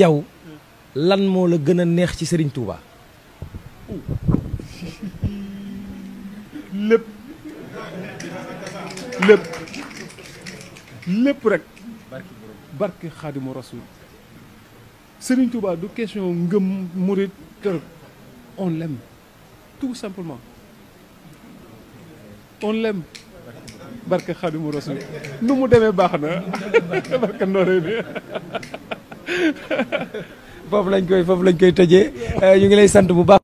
yow lan moo la gën a neex ci Serigne Touba. lépp lépp lépp rek barke xaadimu rasul Serigne Touba du question ngëm murit kër on l'aime tout simplement on l'aime barke xaadimu rasul nu mu demee baax na foofu lañ koy foofu lañ koy tëjee euh, ñu ngi lay sant bu baax.